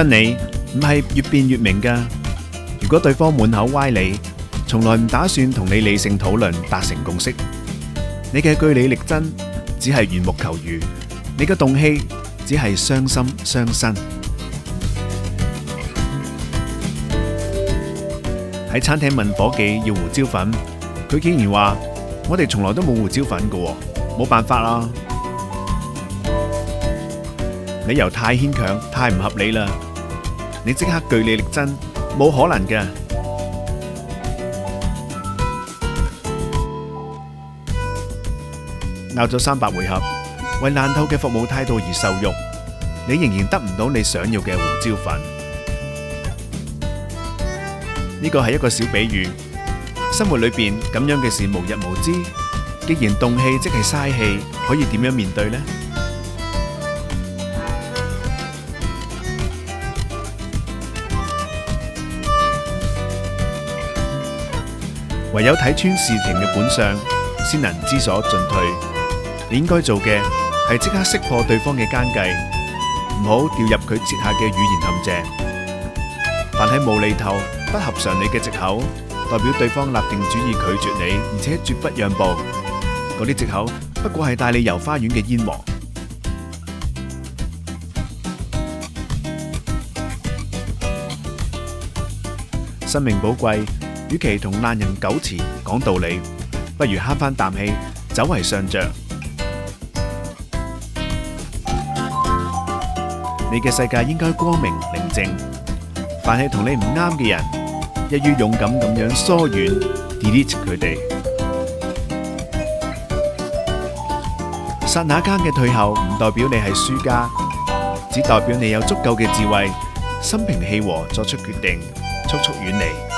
真理唔係越辯越明噶。如果對方滿口歪理，從來唔打算同你理性討論，達成共識，你嘅據理力爭只係緣木求魚，你嘅動氣只係傷心傷身。喺 餐廳問伙計要胡椒粉，佢竟然話 我哋從來都冇胡椒粉嘅，冇辦法啦。理 由太牽強，太唔合理啦。你即刻據理力爭，冇可能嘅。拗咗三百回合，為爛透嘅服務態度而受辱，你仍然得唔到你想要嘅胡椒粉。呢個係一個小比喻，生活裏邊咁樣嘅事無日無之。既然動氣即係嘥氣，可以點樣面對呢？唯有睇穿事情嘅本相，先能知所進退。你應該做嘅係即刻識破對方嘅奸計，唔好掉入佢設下嘅語言陷阱。凡係無厘頭、不合常理嘅借口，代表對方立定主意拒絕你，而且絕不讓步。嗰啲借口不過係帶你遊花園嘅煙幕。生命寶貴。與其同爛人糾纏講道理，不如慳返啖氣，走為上著。你嘅世界應該光明寧靜，凡係同你唔啱嘅人，一於勇敢咁樣疏遠 delete 佢哋。剎那間嘅退後，唔代表你係輸家，只代表你有足夠嘅智慧，心平氣和作出決定，速速遠離。